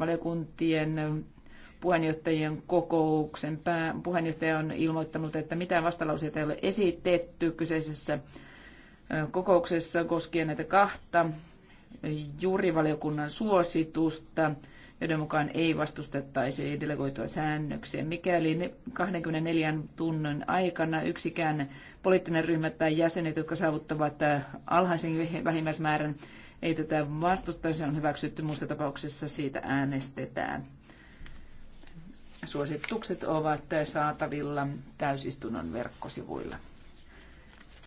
valiokuntien puheenjohtajien kokouksen pää, puheenjohtaja on ilmoittanut, että mitään vastalauseita ei ole esitetty kyseisessä kokouksessa koskien näitä kahta juurivaliokunnan suositusta, joiden mukaan ei vastustettaisi delegoitua säännöksiä. Mikäli 24 tunnin aikana yksikään poliittinen ryhmä tai jäsenet, jotka saavuttavat äh, alhaisen vähimmäismäärän, ei tätä vastusta, se on hyväksytty. Muussa tapauksessa siitä äänestetään. Suositukset ovat äh, saatavilla täysistunnon verkkosivuilla.